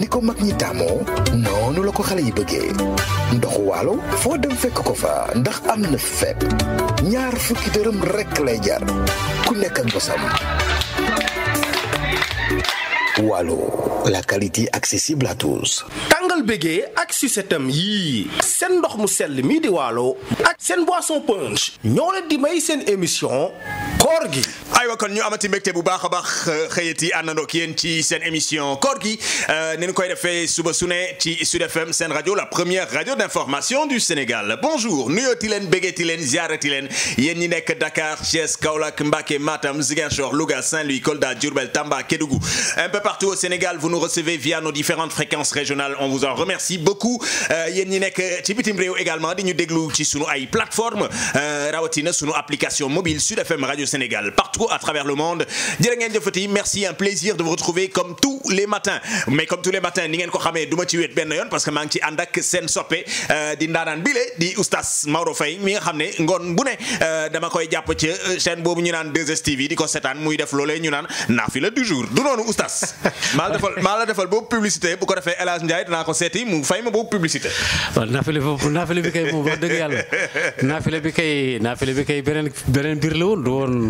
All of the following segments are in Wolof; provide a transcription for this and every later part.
ni ko mag ñi tàmmoo noonu la ko xale yi bëggee ndoxu waalo foo dem fekk ko fa ndax am na fépp ñaar fukki dërëm rekk lay jar ku nekk ak bosam waalo la qualité accessible à tous tàngal bégee ak susetam yii seen ndox mu sell mii di waalo ak seen boisson punch ñoo leen di may seen émission koor gi aywa kon ñu amati bu baax a baax euh, xëyati àndandoo seen émission koor gi euh, ni ñu koy defee suba su ne ci Sud FM seen rajo la première radio d'information du Sénégal bonjour nuyooti leen bégeeti leen ziarati leen yéen ñi nekk Dakar Thiès Kaolack Mbacké Matam Ziguinchor luga Saint-Louis Kolda Diourbel Tamba Kédougou un peu partout au Sénégal vous nous recevez via nos différentes fréquences régionales on vous en remercie beaucoup euh, yéen ñi nekk ci bitim réew également di ñu déglu ci sunu ay plateforme rawatina sunu application mobile Sud FM rajo Sénégal Sénégal partout à travers le monde jërë ngeen jëfati merci un plaisir de vous retrouver comme tous les matins mais comme tous les matins ni ko xamee du ci wéet benn yoon parce que maa ngi euh, xam ne ngoon bu ne euh, dama koy jàpp ci euh, chaîne boobu ñu naan 2STV di ko seetaan muy def loolee ñu naan naafila du jour du noonu oustaz maa la defal boobu publicité bu ko defee El Hadj Ndiaye dinaa ko seeti mu fay ma boobu publicité naafila bi kay beneen beneen du woon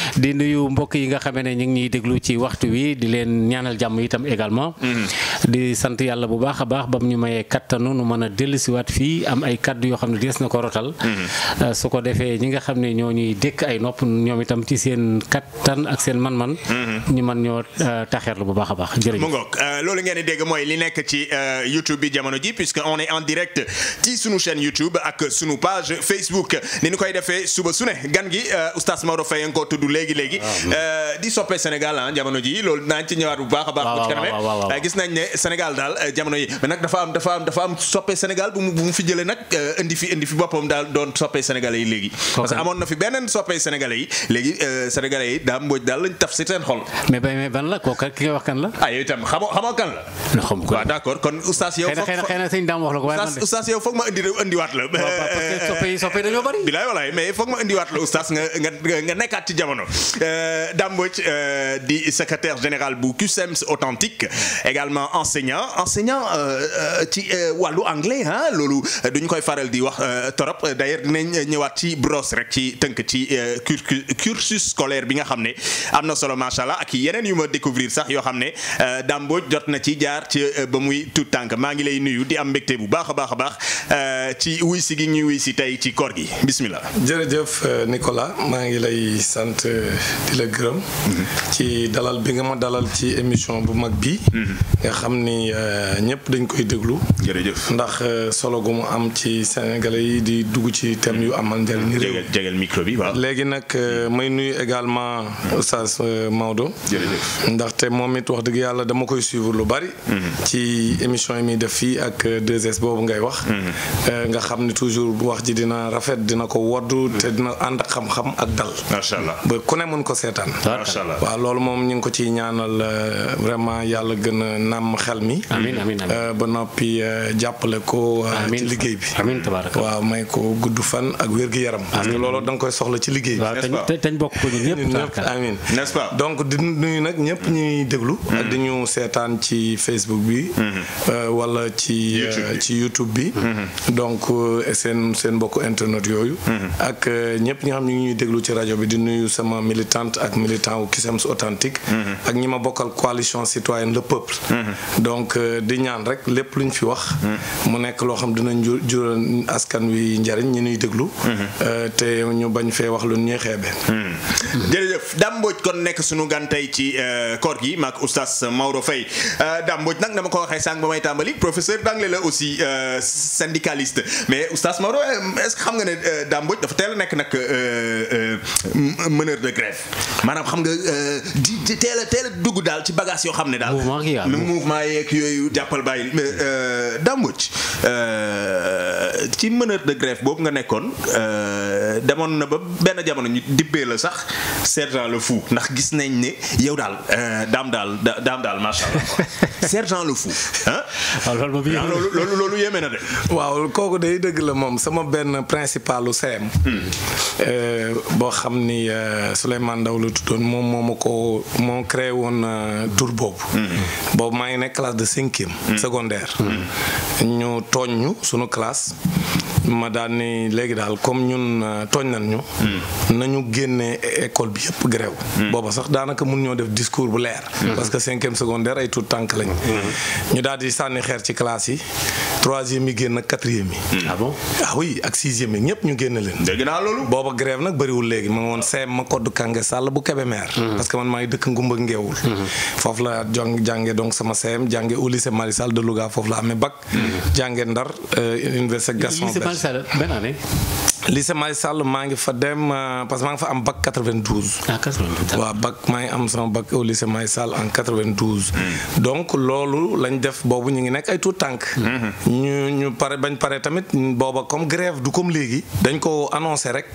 di nuyu mbokk yi nga xamee ne ñu ngi ñuy déglu ci waxtu wi di leen ñaanal jàmm itam également. Mm-hmm. di sant yàlla bu baax a baax ba mu ñu mayee kattanu nu mën a dellusiwaat fii am ay kaddu yoo xam ne dees na ko rotal. Mm-hmm. Euh, su ko defee ñi nga xam ne ñoo ñuy dékk ay nopp ñoom itam ci seen kattan ak seen man-man. Mm-hmm. ñu mën euh, bu baax a baax jërëjëf. mu euh, loolu ngeen dégg mooy li nekk ci YouTube bi jamono ji puisque on est en direct ci sunu chaîne YouTube ak sunu page Facebook ni ñu koy defee suba su ne gan gi oustaz Maodo Faye nga léegi léegi. Ah, euh, di soppe Sénégal ah jamono ji loolu naa ci ñëwaat bu baax a baax. waaw waaw waaw euh, gis nañ ne Sénégal daal euh, jamono yi mais nag dafa am dafa am dafa am soppe Sénégal bu mu bu mu fi jëlee nag indi yi léegi. parce que amoon na fi beneen soppe Sénégalais yi léegi Sénégalais yi daa mbooj daal lañ taf si seen xol. mais ban la kooku ki nga wax kan la. ah yooyu itam xamoo xamoo kan la. non d'accord kon oustaz yow. foog ma indiwaat la. waaw parce foog ma indiwaat la oustaz nga jamono euh, Dame euh, di secrétaire général bu CUSEMS authentique également enseignant enseignant euh, ci wàllu anglais ah loolu duñu koy faral di wax trop d'ailleurs dinañ ñëwaat ci brosse rek ci tënk ci cursus scolaire bi nga xam ne am na solo macha allah ak yeneen yu ma découvrir sax yoo xam ne Dame jot na ci jaar ci ba muy tout tànk maa ngi lay nuyu di am mbégte bu baax a baax a baax ci wuy si gi ñuy wuy si tey ci koor gi bismillah jërëjëf Nicolas maa ngi lay la gërëm. ci dalal bi nga ma dalal ci émission bu mag bi nga xam ni euh, ñëpp dañ koy déglu. jërëjëf ndax euh, solo gu mu am ci sénégalais yi di dugg ci thème yu amal njëriñ. jege jegeel micro bi waaw. léegi nag euh, may nuyu également sa Maodo. jërëjëf ndaxte moom it wax dëgg yàlla dama koy suivre lu bari. Mm-hmm. ci émission yi muy def fii ak 2S boobu ngay wax. Mm-hmm. nga xam ni toujours wax ji dina rafet dina ko woddu te dina ànd ak xam-xam ak dal. macha allah ba ku ne mun ko seetaan. macha allah waaw loolu moom ñu ngi ko ciy ñaanal euh, yàlla gën nàmm xel mi. amiin amiin amiin euh, ba noppi euh, jàppale ko. ci liggéey bi amiin tabaaraka waaw may ko gudd fan ak wér gi yaram. parce que loolu da koy soxla ci liggéey bi. nest te te ko ñun ñëpp. donc di nuyu nag ñëpp ñuy déglu. Hmm. ak di ñu seetaan ci Facebook bi. Hmm. wala ci ci YouTube bi. Hmm. donc seen seen mbokku internet yooyu. ak ñëpp ñi xam ñu ñuy déglu ci rajo bi di nuyu. sama militante ak militant authentique mhm. ak ñi ma bokkal coalition citoyenne le peuple mhm. donc euh, di ñaan rek lépp luñ fi wax mhm. mu nekk loo xam dinañ jural askan wi njariñ ñi ñuy déglu euh, te ñu bañ fee wax lu ñuy xeebe jërëjëf Dame Mbodj kon nekk suñu gan tey ci euh, koor gi maak oustaz Maodo Faye Dame Mbodj nag dama ko waxee sànq ba may tàmbali professeur d'anglais la aussi syndicaliste mais oustaz Maodo est-ce que xam nga ne Dame dafa teel a nekk nag mën heure de grève maanaam xam nga euh, di teela teel dugg daal ci bagage yoo xam ne daal. mouvement yi mouvement yeeg yooyu jàppal bàyyi. Euh, Dame euh, ci mën heure de grève boobu nga nekkoon demoon na ba benn jamono ñu dibbee la sax sergent la fou ndax gis nañ ni yow daal daam daal daam daal macha allah sergent le fou ah. loolu loolu yéeme na de. waaw kooku day dëgg la moom sama benn principalu CM. Hmm. boo xam ni. Euh, Souleymane Ndaw la tuddoon moom moo ma ko moo créé woon euh, tur boobu. Mm-hmm. boobu maa ngi nekk classe de cinquième. Mm-hmm. secondaire. Mm-hmm. ñu tooñ ñu suñu classe. ma daan ni léegi daal comme ñun euh, tooñ nañ ñu. nañu génne école bi yëpp grève. booba sax daanaka mun ñoo def discours bu leer. parce que cinquième secondaire ay tuut tànk lañ. ñu daal sànni xeer ci classe yi. troisième yi génn ak quatrième yi. Hmm. ah, ah ak sixième yi ñëpp ñu génn leen. dégg naa loolu. booba grève nag bëriwul léegi ma woon CM ma koddu Kange Sall bu Kébémer. Hmm. parce que man maa ngi dëkk Ngumba Ngeewul. Hmm. foofu la jàng jànge donc sama CM jànge au lycée Malick Sall de Louga foofu la amee bac. jànge Ndar euh, université Gaston Berger. lycée Malick lycée Malick Sall maa ngi fa dem euh, parce que maa ngi fa am bac 92. ah 92 waaw maa ngi am sama bac au lycée Malick Sall en 92. Hmm. donc loolu lañ def boobu ñu ngi nekk ay tout tànk. Hmm. ñu ñu pare bañ pare tamit booba comme grève du comme léegi. dañ ko annoncé rek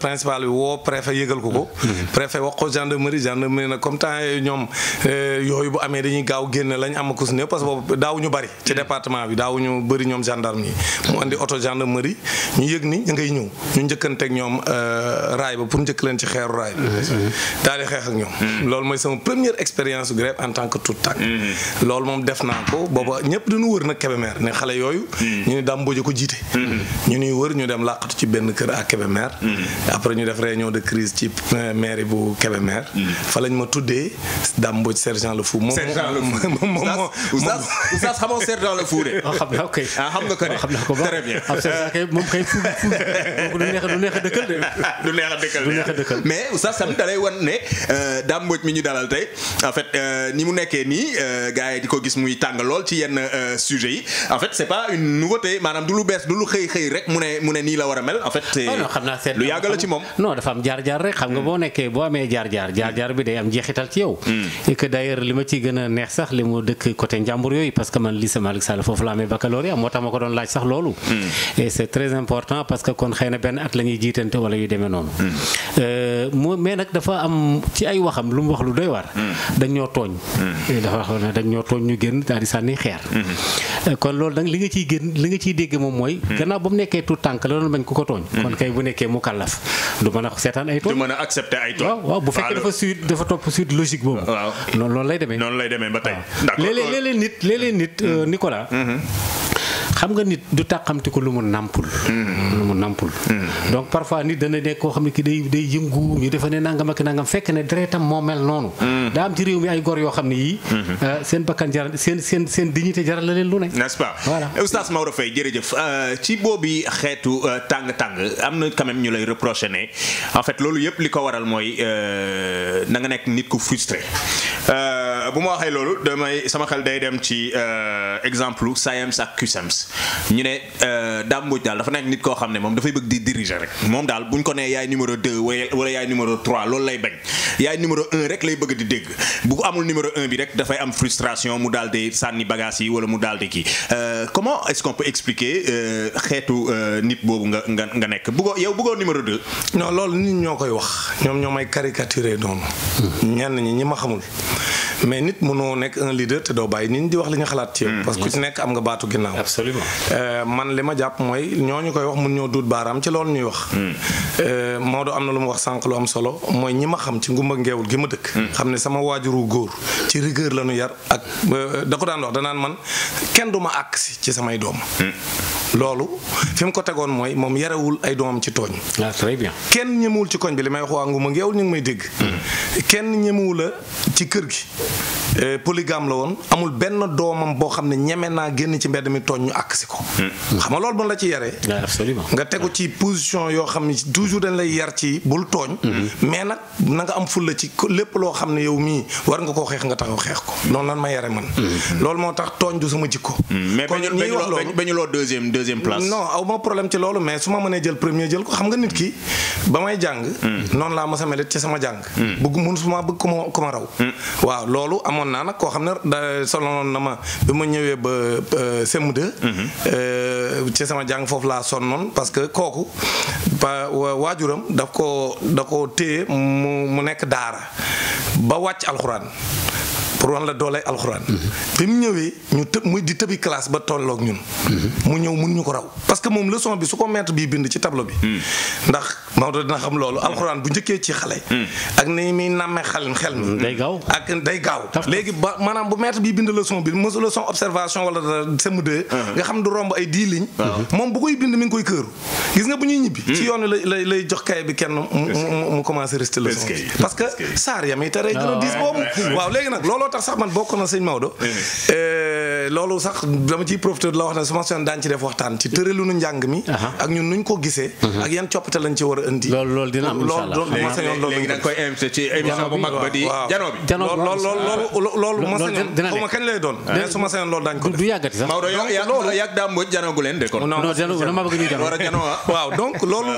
principal bi woo préfet yëgal ko ko. Hmm. préfet wax ko gendarmerie gendarmerie na comme temps ñoom euh, yooyu bu amee dañuy gaaw génne lañ am ko su néew que boobu daaw ñu bari. ci département bi daaw ñu bëri ñoom gendarme yi mu indi oto gendarmerie ñu yëg ni ngay ñëw. ñu njëkkanteeg ñoom euh, raay ba pour njëkk leen ci xeeru raay bi mm-hmm. daal di ñoom mm-hmm. loolu mooy sama première expérience grève en tant que tout tànk mm-hmm. loolu moom def naa ko booba ñëpp dañu wër nag Kébémer ne xale yooyu ñu ni daam ko jiite ñu nuy wër ñu dem làqatu ci benn kër à Kébémer après ñu def réunion de crise ci euh, mairie bu Kébémer fa lañ ma tuddee daam mboj sergent le fou moom moom moom oustaz oustaz xamoo sergent le fou de ah, xam na ok ah, xam de ah, moom kay fou kooku du neex du neex a dëkkal du neex a dëkkal du neex a dëkkal mais oustaz tamit da lay wan ne euh, Dame Mbodj mi ñu dalal tey en fait euh, ni mu nekkee nii euh, gaa yi di ko gis muy tàng lool ci yenn sujets yi en fait c'est pas une nouveauté maanaam du lu bees du lu xëy xëy rek mu ne mu nii la war a mel en fait. c'est ah lu yàgg la moom. non dafa am jaar jaar rek xam nga mm. boo nekkee boo amee jaar jaar jaar jaar bi day am jeexital ci yow. Mm. et que d'ailleurs li ma ciy gën a neex sax li mu dëkk côté njàmbur yooyu parce que man lycée Malick Sall foofu la amee baccalauréat moo tax ma xëy na benn at la ñuy jiitante wala yu demee noonu. moo hmm. euh, mais nag dafa am ci ay waxam lu mu wax lu doy waar. Hmm. dañ ñoo tooñ. Hmm. Eh, dafa wax ne dañ ñoo tooñ ñu génn daal di sànni xeer. Euh, kon loolu nag li nga ciy génn li nga ciy dégg moom mooy. gannaaw ba mu nekkee tout tànk la doon bañ ku ko tooñ. kon kay bu nekkee mu kàllaf du mën a seetaan ay tooñ. du a accepter ay tooñ. waaw waaw bu fekkee dafa suite dafa topp suite logique boobu. waaw noonu lay demee. noonu lay demee ba tey. d'accord léeg nit léeg xam nga nit du tàqamti ko lu mu nàmpul hmm. lu mu nàmpul hmm. donc parfois nit dana nekk koo xam ne ki day day yëngu ñu dafa ne nangam ak nangam fekk ne deretam moo mel noonu hmm. daa am ci réew mi ay gor yoo xam ne yii euh, seen bakkan jaral seen seen seen dignité jaral la leen lu ne n'est-ce pas voilà eh, oustaz Maodo jërëjëf euh, ci boobu xeetu euh, tàng-tàng am na quand ñu lay reproché ne en fait loolu yëpp li ko waral mooy na nga nekk nit ku frustré bu ma waxee loolu damay sama xel day dem ci exemple SAEMS ak CUSEMS ñu ne euh, Dame Mbodj daal dafa nekk nit koo xam ne moom dafay bëgg di diriger rek moom daal bu ñu ko nee yaay numéro 2 wala yaay numéro 3 loolu lay bañ yaay numéro 1 rek lay bëgg di dégg bu amul numéro un bi rek dafay am frustration mu daal di sànni bagage yi wala mu daal di kii euh, comment est-ce qu'on expliquer euh, xeetu nit boobu nga nga nga nekk bëggoo yow bëggoo numéro 2. non lool nit ñoo koy wax ñoom ñoo may caricaturer noonu. Hmm. ñenn ñi ñi ma xamul. mais nit mënoo nekk un leader te doo bàyyi nit ñi di wax li ñu xalaat ci yow. Hmm. parce que ku ci nekk am nga baatu ginnaaw. Euh, man li ma jàpp mooy ñoo ñu koy wax mun ñoo duut baaraam ci loolu ñuy wax. Hmm. Euh, Maodo am na lu mu wax sànq lu am solo mooy ñi ma xam ci ngumba ngeewul gi ma dëkk. Hmm. xam ne sama waajuru góor ci rigueur la ñu yar ak euh, da daan wax danaan man kenn du ma àkk si ci samay doom. loolu fi mu ko tegoon mooy moom yarewul ay doomam ci tooñ. ah très bien kenn ñemewul ci koñ bi li may wax waa ngumba ngeewul ñu ngi may dégg. kenn ñemewul ci kër gi. Euh, polygame la woon amul benn doomam boo xam ne ñeme naa génn ci mbedd mi tooñ ñu àkk si ko. Hmm. xam nga loolu bon la ci yaree. Ah, absolument nga tegu ci position yoo xam ne toujours dañ lay yar ci bul tooñ. Hmm. mais nag na nga am fulla ci lépp loo xam ne yow mii war nga koo xeex nga taxaw xeex ko noonu lan ma yare man. Hmm. loolu moo tax tooñ du sama jikko. kon ñiy wax loolu mais bañu loo deuxième deuxième place. non aw ma problème ci loolu mais su ma mënee jël premier jël ko xam nga nit ki ba may jàng. noonu laa mos a mel ci sama jàng. bëgg mun su ma bëgg ko ma raw. waaw loolu amoon naa nag koo xam ne da na ma bi ma ñëwee ba CM2. Mhm. Euh, ci sama jàng foofu laa sonnoon parce que kooku ba waajuram daf ko da ko téye mu nekk daara ba wàcc alxuraan. pour wan la doolay alxuraan. bi mu ñëwee ñu tëb muy di tëbi classe ba tolloog ñun. mu ñëw mun ñu ko raw parce que moom leçon bi su ko maître bii bind ci tableau bi. ndax Maodo dina xam loolu alxuraan bu njëkkee ci xale. ak ni muy nàmmee xel xel mi. day gaaw ak day gaaw. léegi ba maanaam bu maître bii bind leçon bi mosu leçon observation wala CM2. Uh-huh. nga xam du ay dix lignes. Uh-huh. moom bu koy bind mi ngi koy këru. gis nga bu ñuy ñibbi. Hmm. ci yoon wi lay lay jox kay bi kenn mu mu mu commencé resté leçon parce que saar yam yi tere gën a diis ah, boobu waaw léegi nag looloo tax sax man bokk na sëñ Maodo. loolu sax dama ciy profité la wax ne su ma soxla ci def waxtaan ci tëralunu njàng mi. ak ñun nuñ ko gisee. ak yan coppite lañ ci war a indi. loolu loolu dina am da nga koy invité ci émission bu mag ba di. jano bi jano bi loolu loolu loolu. loolu dina kañ lay a donc loolu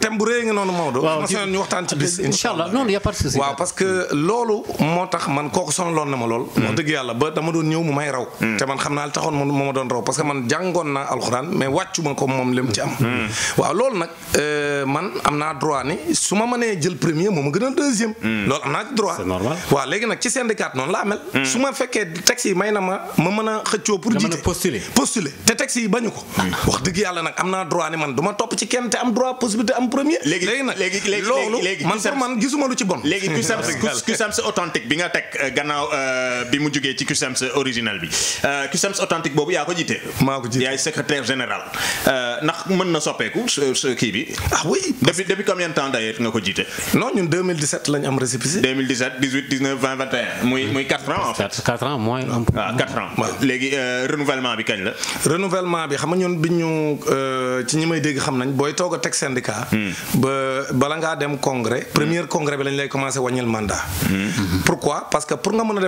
thème bu nga noonu Maodo. su ma ñu waxtaan ci bis. incha allah non y a waaw parce que loolu moo tax man kooku sonaloon jaaxaloon na ma lool hmm. wax dëgg yàlla ba dama doon ñëw mu may raw hmm. te man xam naa li taxoon moo ma doon raw parce que man jàngoon naa alxuraan mais wàccu ma ko hmm. Euh, man am naa yi may na ma ma mën a xëccoo pour jiite postuler te texte yi bañu ko wax dëgg yàlla nag am naa droit ni man du ma topp ci kenn te am droit possibilité am premier léegi nag loolu man pour man gisuma lu ci bon Euh, bi mu jugee ci CUSEMS e original bi CUSEMS euh, e authentique boobu yaa ko jiite. yaay secrétaire général euh, ndax mën na soppeeku sa bi. ah oui depuis depuis combien de temps d'ailleurs nga ko jiite. non ñun am récépissé. muy muy 4 ans en ah, léegi renouvellement bi kañ la. renouvellement bi xam nga ñun bi ñu ci ñi may dégg xam nañ booy toog a teg syndicat. Hmm. ba bala ngaa dem congrès. premier congrès bi lañ lay commencé wàññil mandat. Hmm. pourquoi parce que pour nga mën a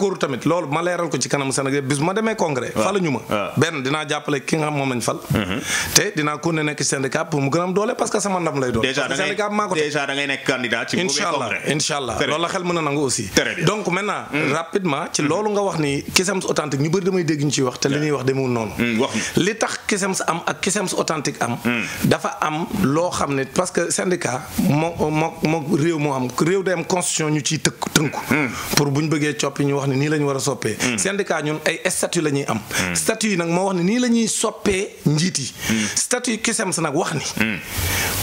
d'accord tamit loolu ma leeral ko ci kanam Sénégal bis ma demee congrès faluñu ma benn dinaa jàppale ki nga xam moom lañ fal mhm. te dinaa ko ne nekk syndicat pour mu gën a am doole parce que sama ndam lay doon syndicat maa ko déjà da ngay nekk candidat ci incha allah incha allah loolu la xel mën a nangu aussi donc maintenant mhm. rapidement ci mhm. loolu nga wax ni Cusems authentique ñu bëri damay dégg ñu ciy wax te li ñuy wax demewul noonu mm, li tax Cusems am ak Cusems authentique am mm. dafa am loo xam ne parce que syndicat moo moo moo réew moo am réew day am constitution ñu ciy tëkk tënku mm. pour buñ bëggee coppi ñu wax ne nii la ñu war a soppee hmm. syndicat ñun ay statut la ñuy am hmm. statut yi nag moo wax nii la soppee njiit yi hmm. statut nag wax ni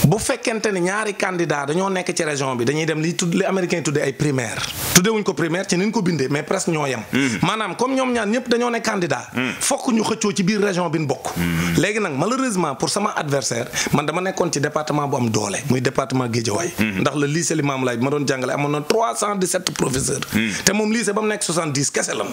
bu fekkente ne ñaari candidat dañoo nekk ci région bi dañuy dem li tudd li américain tuddee ay primaire tuddewuñ ko primaire ci niñ ko bindee mais presque ñoo yem maanaam comme ñoom ñaar ñëpp dañoo nekk candidat fokk ñu xëccoo ci biir région bi ñu bokk léegi nag malheureusement pour sama adversaire man dama nekkoon ci département 70 kese lan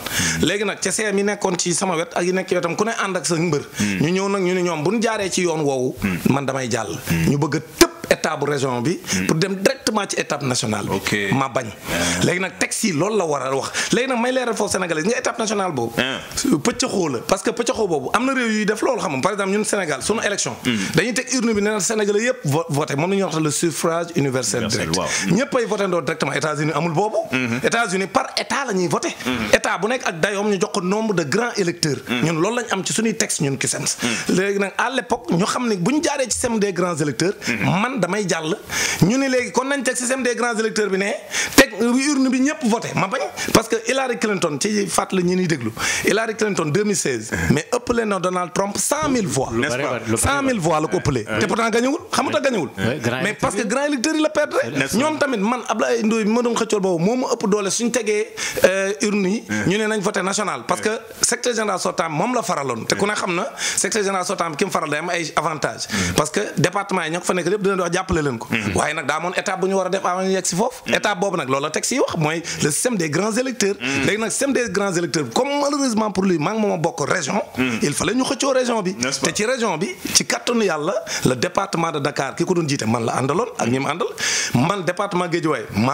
léegi nag ca seem yi nekkoon ci sama wet ak yi nekk ci wetam ku ne ànd ak sa mbër hmm. ñu ñëw nag ñu ne ñoom bu ñu jaaree ci yoon woowu hmm. man damay jàll ñu bëgg tëpp état bu région bi. Hmm. pour dem directement ci étape nationale bi. ma bañ. Ah. léegi nag texte yi loolu la war a wax léegi nag may leeral foofu sénégalais nga étape nationale boobu. Ah. pëccëxoo la parce que pëccëxoo boobu am na réew yuy def loolu xam par exemple ñun Sénégal sunu élection. Hmm. dañuy teg urne bi nee na Sénégalais yëpp voté la suffrage universel direct. Hmm. ñëpp ay voté directement États-Unis amul boobu. États-Unis par état la ñuy état bu nekk man damay jàll ñu ne léegi kon nañ teg système des grands électeurs bi ne teg urne bi ñëpp voté ma bañ parce que Hillary Clinton ci fàttali ñu ni déglu Hillary Clinton mais ëppale na Donald Trump 100000 la ko ëppalee. te pourtant gañewul xamuta gañewul mais parce que grand électeur yi la perdre. ñoom tamit man Abdoulaye Ndoye bi ma doon xëccool boobu moo ma ëpp doole suñ tegee euh, urne yi. ñu ne nañ voté national parce que secrétaire général sortant moom la faraloon. wax jàppale leen ko mhm. waaye nag daa amoon étape bu ñu war a def avant yegg si foofu mhm. étape boobu nag loolu la texte yi wax mooy le système des grands électeurs mhm. léegi nag système des grands électeurs comme malheureusement pour lui maa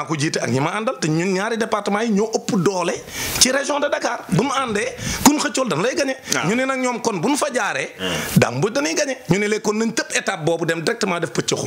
a jiite ak ñi àndal te ñun ñaari département yi ñoo ëpp doole ci région de Dakar bu ñu àndee kun xëccool dañ lay gagné ah. ñu ne nag ñoom kon bu ñu fa jaaree daam hmm. bu dañuy gagné ñu ne léegi kon nañ tëb étape boobu dem directement def pëccaxu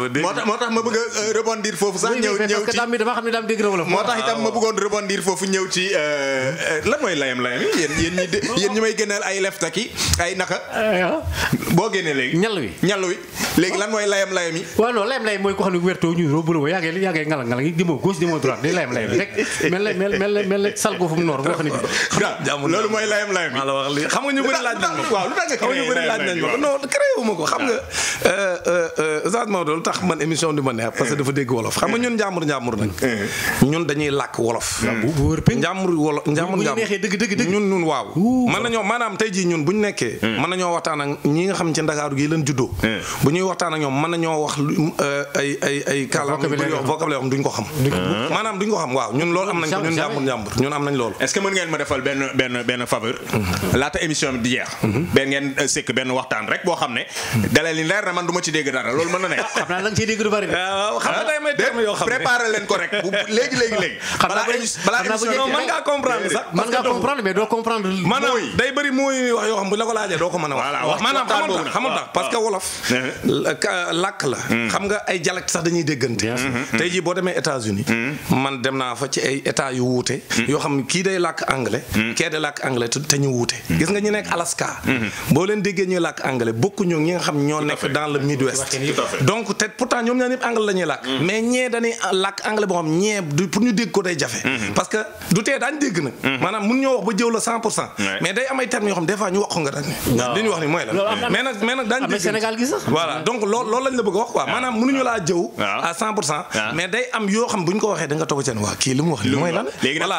moo tax moo tax ma bëgg a euh, rebondir foofu sax. ñëw ñëw ci parce que daam bi dama xam ne daam dégg wolof. moo tax itam ah. ma bëggoon rebondir foofu ñëw ci euh, euh, lan mooy layam layam yi yéen yéen may gënal ay leftaki ay naka. boo génnee léegi. ñal wi léegi lan mooy layam layam yi. waaw non layam layam mooy ko xam ne la yaa ngi yaa ngi ngala ngala demoo gauche demoo droite day layam layam rek mel mel mel mel sal ko fu mu noor boo xam ne. loolu mooy layam layam yi. xam nga ñu bëri laaj lu tax tax man émission di ma neex parce que dafa dégg wolof xam nga ñun njàmbur njàmbur nag eh. ñun dañuy làkk wolof njàmbur wolof njàmbur njàmbur ñun ñun waaw mën nañoo maanaam tey jii ñun bu ñu nekkee hmm. mën nañoo waxtaan ak ñi nga xam ci ndakaaru gi lan juddoo hmm. bu ñuy waxtaan ak ñoom mën nañoo wax eh, ay ay ay kàllaama vocabulaire duñ ko xam hmm. maanaam duñ ko xam waaw ñun loolu am nañ ko ñun njàmbur njàmbur ñun am nañ loolu est-ce que mën ngeen ma defal benn benn benn faveur laata émission bi di jeex benn ngeen eh, sëkk benn waxtaan rek boo xam ne dalal li leer na man du ma ci dégg dara loolu mën na nekk la nga ciy dégg du bari waaw euh, xam nga day ah. may terme yoo xam ne préparé la a hmm. nga ay dialecte sax dañuy déggante hmm. tey jii boo demee États-Unis hmm. man dem naa fa ci ay état yu wuute yoo xam kii day làkk anglais kee day làkk anglais te ñu wuute gis nga ñu nekk Alaska boo leen déggee ñuy làkk anglais bokkuñu ñi nga xam ñoo nekk dans le Midwest donc te pourtant ñoom ñaar ñëpp anglais la làkk mm. mais ñee dañuy làkk anglais boo xam ñee pour ñu dégg ko day jafe mm-hmm. parce que du tee daañ dégg nag mm-hmm. maanaam mun ñoo wax ba jëw la cent pour cent mais day am yoo xam bu ñu ko waxee da nga toog seen waa kii li mu wax li mooy lan léegi nag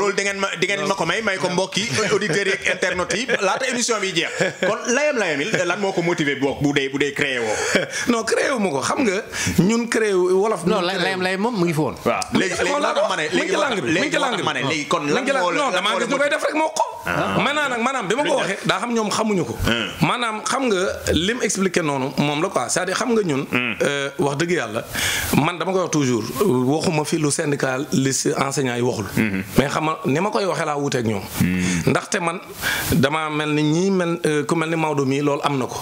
loolu da ngeen ma ko may may ko mbokk yi auditeurs yi laata émission bi jeex kon layam layam lan moo ko motiver bu dee bu dee créé woo ko ko xam nga ñun ma ne léegi lan ah. ma ne léegi ko. ma ko xam ñoom xamuñu ko. maanaam hmm. noonu moom la quoi cest xam nga ñun. Hmm. Euh, wax dëgg yàlla man dama koy wax toujours waxuma fi lu syndicaliste enseignant yi waxul. Hmm. mais xam nga ni ma koy waxee laa wuuteeg ñoom. ndaxte man damaa mel ni ñii mel euh, ku mel ni Maodo mii loolu am na ko.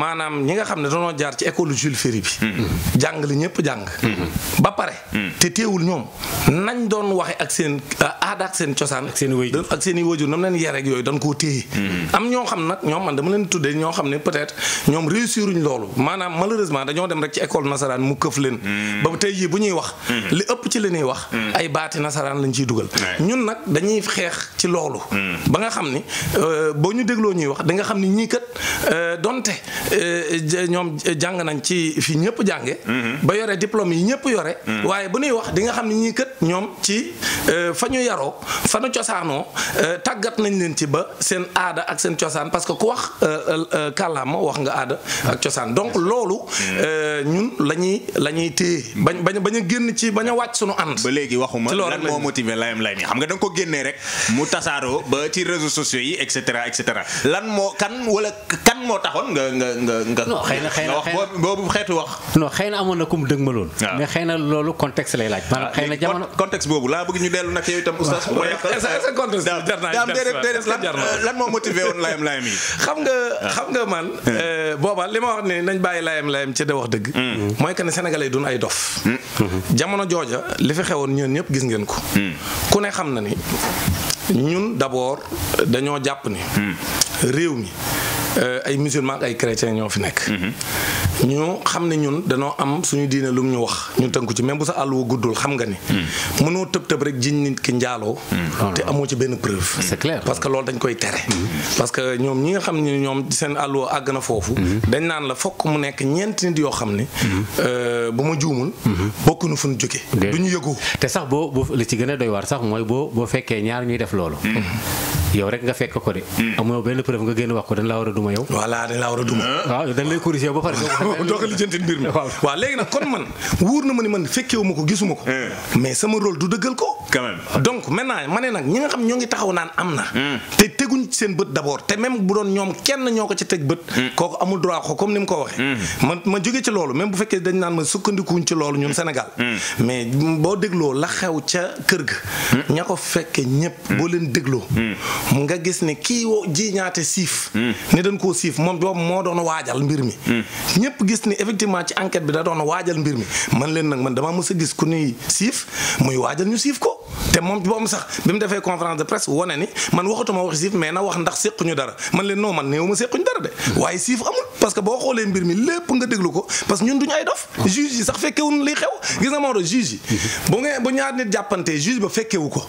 maanaam ñi nga xam ne dañoo jaar ci école Jules série bi. jàng li ñëpp jàng. ba pare. Mm-hmm. te teewul ñoom nañ doon waxe ak seen. Ah, aada ak seen cosaan. ak seen i waajur ak seen i waajur nam leen yar ak yooyu dañ koo téye. Hmm. am ñoo xam nag ñoom man dama leen tuddee ñoom hmm. wax. Hmm. li ëpp ci li ñuy wax. ay baati nasaraan lañ ciy xeex ci loolu. ba nga xam ni euh, boo ñu dégloo ñuy wax da nga xam ni ñii kat euh, donte euh, ñoom jàng nañ ci fi ñëpp jànge ba yore diplôme yi ñëpp yore. waaye bu ñuy wax di nga xam ni ñii kat ñoom ci fa ñu yar yaroo fanu cosaanoo euh, tàggat nañ leen ci ba seen aada ak seen cosaan parce que ku wax euh, euh, kàllaama wax nga aada ak cosaan donc loolu mm. ñun la ñuy la ñuy téye bañ bañ bañ génn ci bañ a wàcc sunu ànd ba léegi waxuma lan moo motivé layam lay mi xam nga danga ko génnee rek mu tasaaroo ba ci réseaux sociaux yi et cetera et cetera lan moo kan wala kan moo taxoon nga nga nga nga xëy na xëy na wax boobu xeetu wax non xëy na amoon na ko mu dëgmaloon ah. mais xëy na loolu contexte lay laaj maanaam ah, xëy na jamono boobu laa oustaz bu ma yàqal sa lan moo motivé woon layam layam yi. xam nga xam nga man. Euh, booba li ma wax ne nañ bàyyi layam layam ci de wax dëgg. Mm. mooy que ne sénégalais yi ay dof. Mm. jamono jooja li fi xewoon ñoom ñëpp gis ngeen ko. Mm. ku ne xam na ni ñun d'abord dañoo jàpp ni. réew mi euh, ay musulmans ay chrétiens ñoo fi nekk. Mm-hmm. ñu xam ne ñun danoo am suñu diine lu mu ñu wax ñu tënku ci même bu sa àll wu guddul xam nga ni. Hmm. mënoo tëb tëb rek jiñ nit ki njaaloo. Hmm. te amoo ci benn preuve. Hmm. c'est clair parce que loolu dañ koy tere. parce que ñoom ñi nga xam ne ñoom seen àll woo àgg na foofu. dañ naan la fokk mu nekk ñeent nit yoo xam ne. Euh, bu ma juumul. bokkuñu fu ñu jógee. du ñu yëgoo. te sax boo li ci gën a doy waar sax mooy boo boo fekkee ñaar ñuy def loolu. yow rek nga fekk ko de. Hmm. amoo wax ko dañ laa war a duma yow. voilà dañ laa a ah. ko ma ko gisuma ko. Hmm. mais sama rôle du ko. quand même donc maintenant ma ne nag ñi ñoo ngi taxaw naan am na. Hmm. te teguñ seen bët d'abord te même bu doon ñoom kenn ñoo ko ci teg bët. kooku amul droit ko comme ni mu ko waxee. ma ma jóge ci loolu même bu fekkee dañ naan ma sukkandikuñ ci loolu ñun Sénégal. mais boo dégloo la xew ca kër ga. ña ko fekkee ñëpp boo leen dégloo. nga gis ne kii woo jiiñaate siif. Hmm. ne dañ koo siif moom boobu moo doon waajal mbir mi. Hmm. ñëpp gis ni effectivement ci enquête bi da doon waajal mbir mi man leen nag man damaa mës a gis ku ñuy siif muy waajal ñu siif ko. te moom boobu sax bi mu defee conférence de presse wone ni man waxatuma wax siif mais na wax ndax séquñu dara man leen non man néew ma séquñu dara de hmm. waaye siif amul parce que boo xoolee mbir mi lépp nga déglu ko parce que ñun duñu ay dof. juge yi sax fekkewuñ li xew gis nga ba fekkewu ko.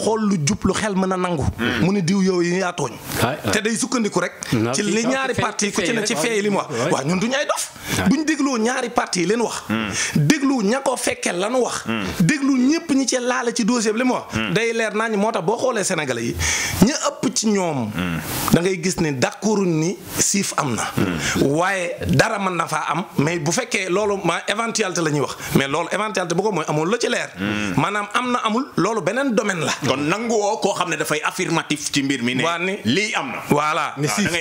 xool lu jub lu xel mën a nangu. Hmm. mu ne diw yow yi yaa tooñ. te day sukkandiku rek. ci li ñaari parti ku ci ne ci feey li mu wax waaw ñun duñ ay dof. ñu dégloo ñaari parti yi leen wax. Hmm. déglu ña ko fekkee lanu wax. Hmm. déglu ñëpp ñi ci laale ci dossier bi li mu wax. day leer naa nañ moo tax boo xoolee sénégalais yi ña ëpp ci ñoom. da ngay gis ne d'accorduñ ni siif am na. waaye dara mën na faa am mais bu fekkee loolu ma éventualité la ñuy wax mais loolu éventualité bu ko mooy amul la ci leer. maanaam na amul loolu beneen domaine la. kon nangu koo xam ne dafay affirmatif ci mbir mi ne. lii am na. voilà ne siif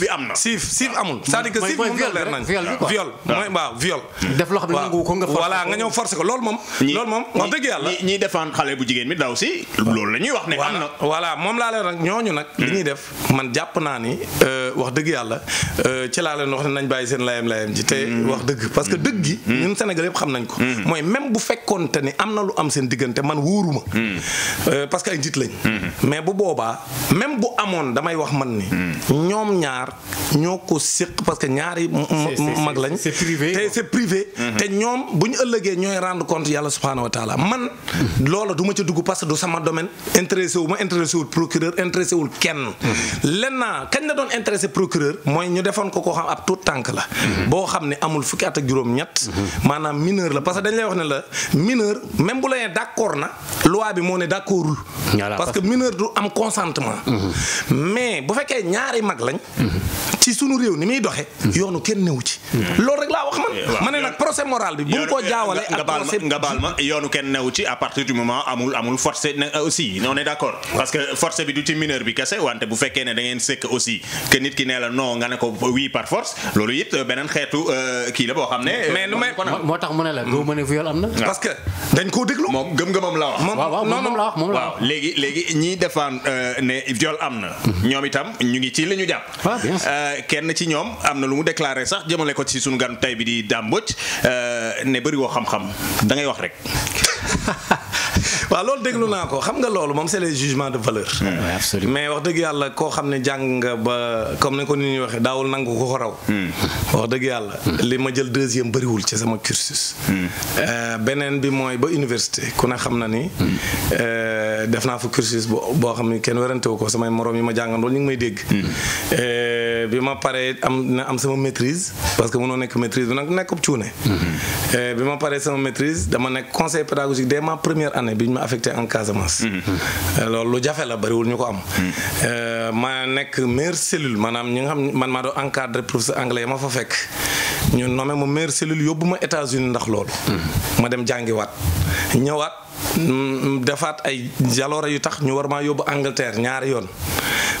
bi am na. siif siif amul. c'est-à-dire que siif moom leer nañ viol mooy waaw nga ñëw forcer ko loolu moom. loolu moom wax dëgg yàlla ñi ñi défendre xale bu jigéen bi daw si. loolu la ñuy wax ne am na. voilà moom laa ñooñu nag. li ñuy def man jàpp naa ni euh, wax dëgg yàlla euh, ci laa leen wax ne nañ bàyyi seen layam layam ji te mm. wax dëgg parce que dëgg gi mm. ñun Sénégal yëpp xam nañ ko mm. mooy même bu fekkoonte ni am na lu am seen diggante man wóoruma Euh, parce que ay njiit lañ. Mm-hmm. mais bu boobaa même bu amoon damay wax man ni. Mm-hmm. ñoom ñaar ñoo ko séq parce que ñaari mag lañ. c'est privé te c'est privé. Mm-hmm. te ñoom bu ñu ëllëgee ñooy rendre compte yàlla subhaanahu wa taala man. loola du ma ca dugg parce que du sama domaine intéressé wu ma intéressé wul procureur intéressé wul kenn. lenna kañ la doon intéressé procureur mooy ñu defoon ko koo xam ab tuut tànk la. boo xam ne amul fukki at ak juróom-ñett. maanaam mineur la parce dañ lay wax ne d'accordul parce que mineur du am consentement mhm. mais bu fekkee ñaari mag lañ ci sunu réew ni muy doxe mhm. yoonu kenn newu ci mhm. loolu rek laa wax man ma nag procès moral bi bu mu ko jaawale ak nga baal ma yoonu kenn newu ci à partir du moment amul amul forcé euh, aussi on d'accord parce que forcé bi du ci mineur bi kese wante bu fekkee ne dangeen ngeen sëkk aussi que nit ki nee la non nga ne ko oui par force loolu it euh, beneen xeetu euh, kii la boo xam ne mais lu may moo tax mu ne la gëw ma ne viol am na parce que la wax moom la waaw léegi léegi ñiy défendre euh, ne viol am na. ñoom itam ñu ngi ci la ñu jàpp. Ah, euh, kenn ci ñoom am na lu mu déclaré sax jëmale ko ci suñu gan tay bi di Dame Mbodj euh, ne bëri xam-xam da ngay wax rek. waaw loolu déglu naa ko xam nga loolu moom c'est les jugements de valeur. mais wax dëgg yàlla koo xam ne jàng nga ba comme ne ko ni ñuy waxee daawul nangu ko ko raw. Hmm. wax dëgg yàlla. Hmm. li ma jël deuxième bëriwul ci sama cursus. Hmm. Euh, beneen bi mooy ba université ku ne xam na ni. Euh, def naa fa cursus boo xam ne kenn werantewu ko samay moroom yi ma jàngandool ñu ngi may dégg. Euh, bi ma paree am na am sama maitrise parce que mënoo nekk maîtrise bi nag nekkub cuune. bi ma paree affecté en Casamance. Mm-hmm. Euh, loolu jafe la bariwul ñu ko am. Mm-hmm. Euh, ma nekk meilleure cellule maanaam ñi nga xam man maa doon encadré professeur anglais ma fa fekk ñu nommé ma meilleure cellule yóbbu ma États-Unis ndax loolu. Mm-hmm. ma dem jàngiwaat ñëwaat mm, defaat ay jaloore yu tax ñu war maa yóbbu Angleterre ñaari yoon.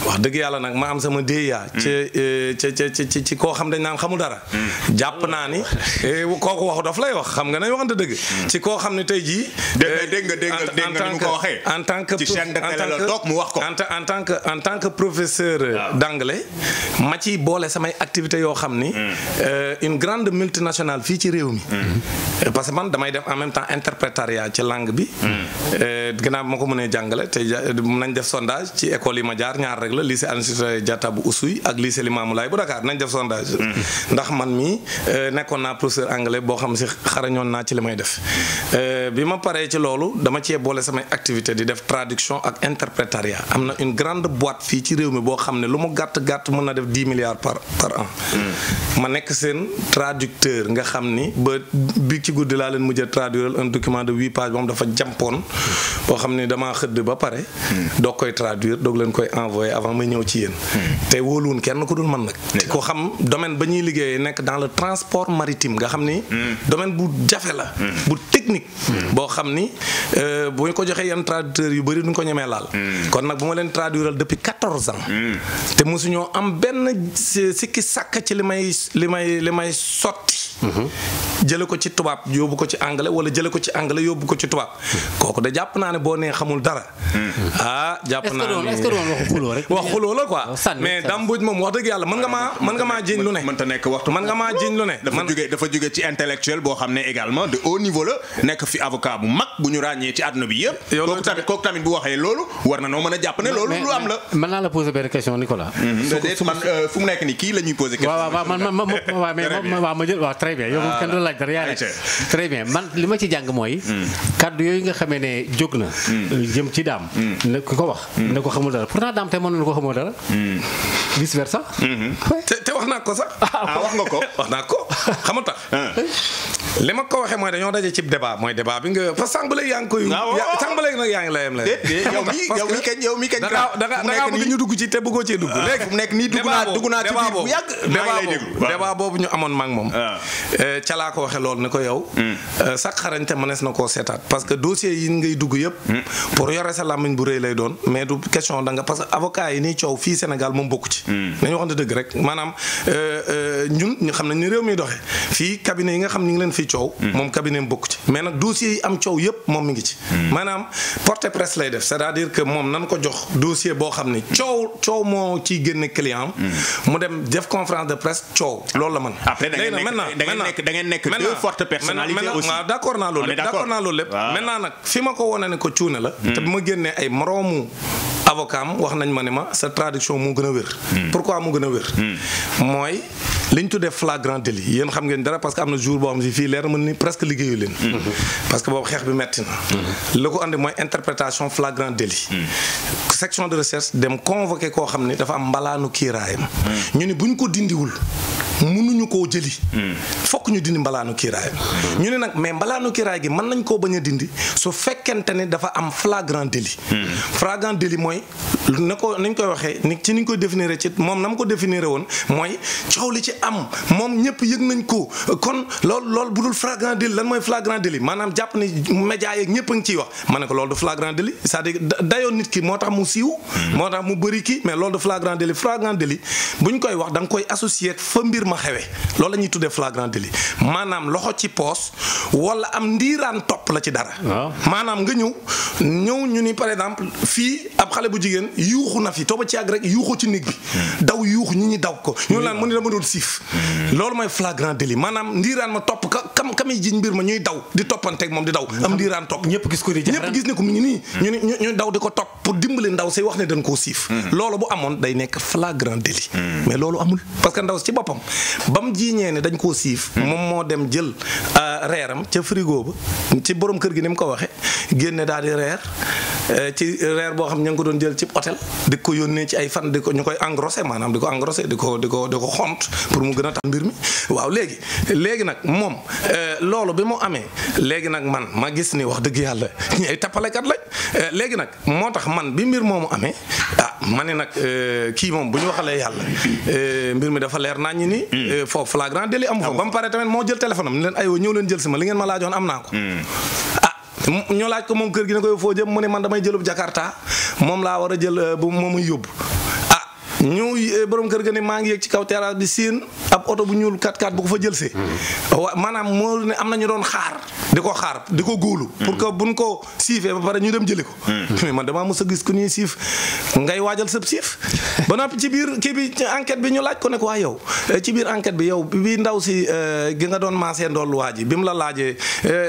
wax dëgg yàlla nag ma am sama déeyaa ca hmm. eh, ci ci koo xam dañ naan xamul dara hmm. jàpp naa ni eh, kooku waxu daf lay wax xam nga nañ waxante dëgg hmm. ci koo xam ne tey jii dégg nga eh, dégg nga dégg nga ni mu ko waxee en tant que en tant que en tant que professeur ah. d'anglais ma ci boole samay activité yoo xam ni une grande multinationale fii ci réew mi parce que man damay def en même temps interprétariat ci langue bi gannaaw ma ko mënee jàngale te nañ def sondage ci école yi ma jaar ñaar rek rek la lycée Aline Sitoé Diatta bu Oussouye ak lycée Limamoulaye bu Dakar nañ def sondage. Mm-hmm. ndax man mi euh, nekkoon naa professeur anglais boo xam si xarañoon naa ci li may def euh, bi ma paree ci loolu dama cee boole samay activité di def traduction ak interprétariat am na une grande boîte fii ci réew mi boo xam ne lu mu gàtt gàtt mën na def dix milliards par par an. Mm-hmm. ma nekk seen traducteur nga xam ni ba bi ci guddi laa leen mujj a traduire un document de huit pages moom dafa jàmpoon boo xam ne mm-hmm. damaa xëdd ba pare. doo avant ma ñëw ci yéen. te wóoluwun kenn ku dul man nag. te ko xam domaine ba ñuy liggéeyee nekk dans le transport maritime nga xam ni. Mm. domaine bu jafe la. Mm. bu technique. Mm. boo xam ni euh, bu ñu ko joxee yenn traducteurs yu bëri duñ ko ñemee laal. kon nag bu ma leen traduiral depuis quatorze ans. te mosuñoo am benn sikki sàkk ci li may li may li may sotti. jële ko ci tubaab yóbbu ko ci anglais wala jële ko ci anglais yóbbu ko ci tubaab kooku de jàpp naa ne boo nee dara hmm. ah jàpp naa ne wax xuloo la quoi mais dambuj moom wax dëgg nga maa mën lu ne mën nga maa jiñ lu ne dafa jóge ci intellectuel boo xam ne également de haut niveau la nekk fi avocat bu mag bu ñu ràññee ci àdduna bi yëpp kooku tamit kooku tamit bu waxee loolu war na noo mën a jàpp ne loolu lu am la mën naa la poser benn question Nicolas hmm, man euh, fu mu nekk ni kii la ma ci jàng mooy. kàddu yooyu nga xamee ne jóg na. Hmm. jëm ci daam. Hmm. na ku ko wax. Hmm. na ko xamul dara pourtant daam te mën na ko xamoo dara. vice versa. te wax naa ko sax. Ah, ah, wax nga ko wax naa ko xamul tax. li ma ko waxee mooy dañoo daje ci débat mooy débat bi nga parce ah, yaa ngi layam la. yow mi yow mi kañ yow mi kañ. da nga bëgg ñu dugg ci te bëggoo cee dugg. léegi fu mu nekk nii dugg naa dugg naa ci biir bu yàgg. débat boobu ñu amoon ma moom. Euh, ca laa ko waxee loolu ne ko yow. Hmm. Euh, sax xarañte mënees na koo seetaat parce que dossier yi ngay dugg yëpp. Hmm. pour yore sa làmmiñ bu rëy lay doon mais du question da nga parce que avocat yi nii coow fii Sénégal moom bokku ci. Hmm. nañu waxante dëgg rek maanaam euh, ñun ñu xam nañ ni réew mi doxee fii cabinet yi nga xam ñu ngi leen fii coow. moom cabinet bokku ci mais nag dossier yi am coow yëpp moom mi ngi ci. maanaam porte presse lay def c'est-à-dire que moom nan ko jox dossier boo xam ni coow coow moo ciy génne client mu dem def conférence de presse coow loolu ngeen nekk da naa loolu lépp d' naa nag fi ma ko wone ne ko cuune la hmm. te bi ma génnee ay moroomu avocat am wax nañ ma ne ma sa traduction moo gën a wér hmm. pourquoi moo gën a wér hmm. mooy li ñu tuddee flagrant délit yéen xam ngeen dara parce que am na jour boo xam si fii leer mën ni presque liggéeyu leen parce que boobu xeex bi metti na la ko de recherche dem koo xam ne am mbalaanu kiiraayam ñu ne buñ ko dindiwul mënuñu koo jëli. Hmm. fokk ñu dindi mbalaanu kiiraay hmm. ñu ne nag mais mbalaanu kiiraay gi mën nañ koo bañ a dindi su fekkente ne dafa am flagrant délit. Hmm. flagrant délit mooy na ko nañ koy waxee ni ci niñ koy définir ci moom na ko définir woon mooy coow li ci am moom ñëpp yëg nañ ko kon loolu loolu bu dul flagrant lan mooy flagrant délit maanaam jàpp ne média yeeg ñëpp a ngi wax ma ne ko loolu du flagrant délit c'est-à-dire dayoo ki moo tax mu siiw. moo tax mu bëri ki mais loolu du flagrant délit flagrant délit buñ koy wax da nga koy associer fa mbir ma xewee loolu la ñuy tuddee flagrant délit maanaam loxo ci poos wala am ndiiraan topp la ci dara. maanaam nga ñëw ñëw ñu ni par exemple fii ab xale bu jigéen yuuxu na fi tooba ci àgg rek yuuxu ci néeg bi. Hmm. daw yuux ñu hmm. hmm. ma topp ka kam kamay ma ñuy daw di toppanteeg moom di daw. am ndiiraan topp ñëpp gis di ñëpp gis ne ko mu ngi nii. ñu ñu ñu daw di ko topp pour dimbali ndaw say wax ne dañ koo siif. loolu bu amoon day nekk flagrant délit. mais loolu amul parce que ndaw si ci boppam ba mu jiiñee ne dañ koo siif. Hmm. moom moo dem jël euh, reeram ca frigo ba ci borom kër gi ni mu ko waxee génne daal di reer. Euh, ci reer boo xam ña ngi ko doon jël ci hôtel di ko yónnee ci ay fan di ko ñu koy engrossé maanaam di ko engrossé di ko di ko di ko xont pour mu gën a tax mbir mi waaw léegi léegi nag moom euh, loolu bi mu amee léegi nag man ma gis ni wax dëgg yàlla ñi ay tappalekat euh, léegi nag moo tax man bi mbir moomu amee ah, ma ne nag kii moom bu ñu waxalee yàlla mbir mi dafa leer naa ñi ni hmm. foofu flagrant délit amu fa ba mu pare tamit moo jël téléphone am ni leen aywa ñëw leen jël si ma li ngeen ma laajoon am naa ko hmm. ah, ñu laaj ko moom kër gi ne ko foo jëm mu ne man damay jëlub Jakarta moom laa war a jël euh, bu moomuy yóbbu ñu eh, borom kër ga ne maa ngi yéeg ci kaw terrasse di siin ab oto bu ñuul 4x4 bu ko fa jëlsee. Hmm. wa maanaam moo ne am na ñu doon xaar. di ko xaar di ko góolu. Hmm. pour que buñ ko siifee ba pare ñu dem jëli ko. Hmm. man damaa mos a gis nii ñuy siif ngay waajal sëb siif. ba noppi ci biir kii bi enquête bi ñu laaj ko ne ko waa yow eh, ci biir enquête bi yow bi ndaw si eh, gi nga doon maasee ndool waa ji bi mu la laajee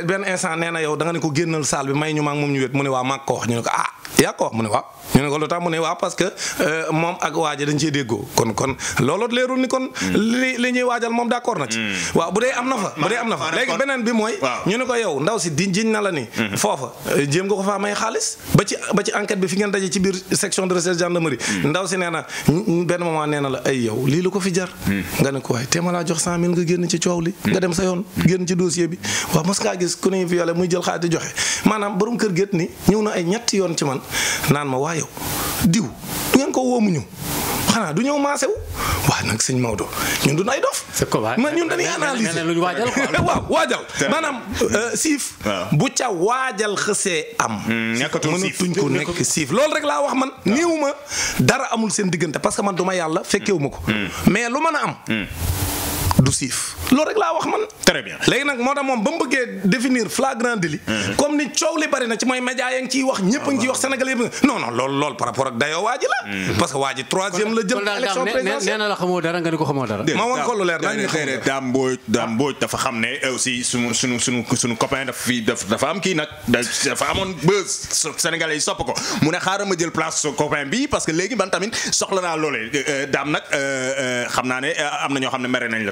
benn instant nee na yow da nga ne ko génnal saal bi may ñu maag moom wet mu ne waa maag wax ñu ko ah. yaa ko wax mu ne waaw ñu ne ko lu tax mu ne waaw parce que euh, moom ak waaja dañ cee déggoo kon kon loolu leerul ni kon. Hmm. li ñuy waajal moom d' accord na ci. Hmm. waaw bu dee am na fa bu dee am na fa hmm. léegi beneen bi mooy. ñu ne ko yow ndaw si di jiñ na la ni. foofa euh, jéem nga ko faa may xaalis ba ci ba ci bi fi ngeen daje ci biir section de recherche gendarmerie. ndaw si nee na benn moment nee na la ay yow lii lu ko fi jar. nga ne ko waaye téema jox cent mille nga génn ci coow li. nga dem sa yoon génn ci dossier bi waaw mos ngaa gis ku ne violé muy jël xaalis di joxe maanaam borom kër gétt ni ñëw na ay ñetti yoon ci man naan ma waa yow diw du ngeen ko woo mu ñëw xanaa du ñëw maase wu waaw nag sëñ Maodo ñun du nay dof. c'est quoi ma ñun dañuy analyser lu ñu waajal waaw waajal maanaam euh, siif. bu ca waajal xësee am. Hmm, nekkatul siif mënatuñ ko nekk siif loolu rek laa wax man. néew ma dara amul seen diggante parce que man du ma yàlla fekkewu ma ko. Hmm. mais lu mën a am. Hmm. du siif loolu rek laa wax man. très bien léegi nag moo tax moom ba mu bëggee définir flagrant délit. Mm-hmm. comme ni coow li bari ci mooy média ya wax ñëpp a wax ah, sénégalais yëpp mm-hmm. eh, nag eh, eh, nag xam naa ne am na ñoo xam ne mere nañ la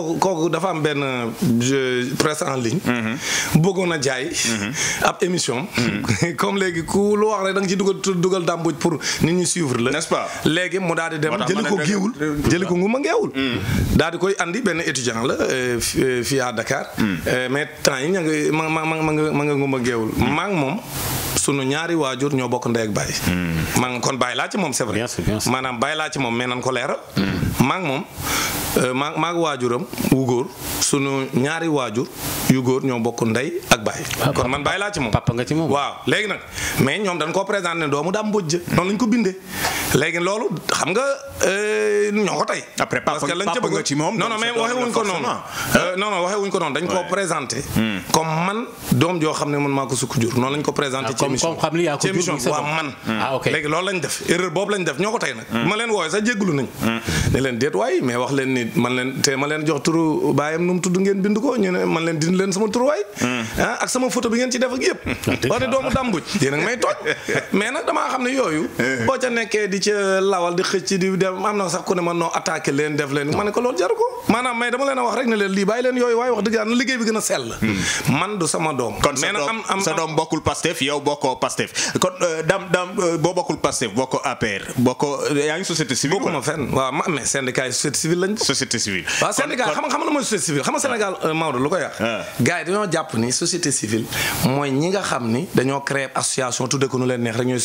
kooku kooku dafa am benn presse en ligne. Mhm. bëggoon a jaay. Mhm. ab émission mhm. comme léegi ku lu wax rek da nga ci dugal dugal dàmbuj pour nit ñi suivre la. nest pas léegi mu daal di dem jëli ko géewul jëli ko nguma ngeewul. daal di koy andi benn étudiant la euh, euh, fii à Dakar. Euh, mais temps yi ña nga ma ma ma nga ma nga nguma ngeewul maa ngi moom. sunu ñaari waajur ñoo bokk ndey ak baay. man kon bàyyi laa ci moom c'est vrai. maanaam bàyyi laa ci moom mais nan ko leeral. maa ngi moom maa maa ngi waajuram wu góor sunu ñaari waajur yu góor ñoo bokk ndey ak baay kon man baay laa ci moom nga ci moom waaw léegi nag mais ñoom dañ koo présenté ko bindee léegi loolu xam nga euh, ñoo ko tey après parce euh, hmm. comme man doom joo xam ne man maa ko sukk jur noonu lañ ko présenté ah, ci man hmm. ah, léegi loolu lañ def erreur boobu lañ def ñoo ko tey nag hmm. ma leen wooye sax jégglu nañ ne leen déet waay mais wax leen ni man leen te ma leen jox turu baayam nu mu tudd ngeen bind ko ñu ne man leen dindi leen sama turuwaay. Hmm. ah ak sama photo bi ngeen ci def ak yëpp. wax ah, a ngi may toj. mais nag damaa eh. boo ca nekkee di ca lawal dem na sax ku ne man leen def leen ma ne ko loolu jaru ko. maanaam mais dama leen wax rek leen lii bàyyi leen yooyu waaye wax bi gën a hmm. man du sama kon sa doom sa doom bokkul pastef yow bokkoo pastef kon euh, dam euh, boo bokkul pastef bokkoo APR bokkoo yaa ngi société civile. bokkuma fenn waaw mais syndicat yi société civile lañ. société civile Sénégal xam nga xam nga mooy société civile xam nga Sénégal euh, Maodo lu ko yàq. Ah. gars yi dañoo jàpp ni société civile mooy ñi nga xam ni dañoo créer tudde ko nu leen neex rek ñooy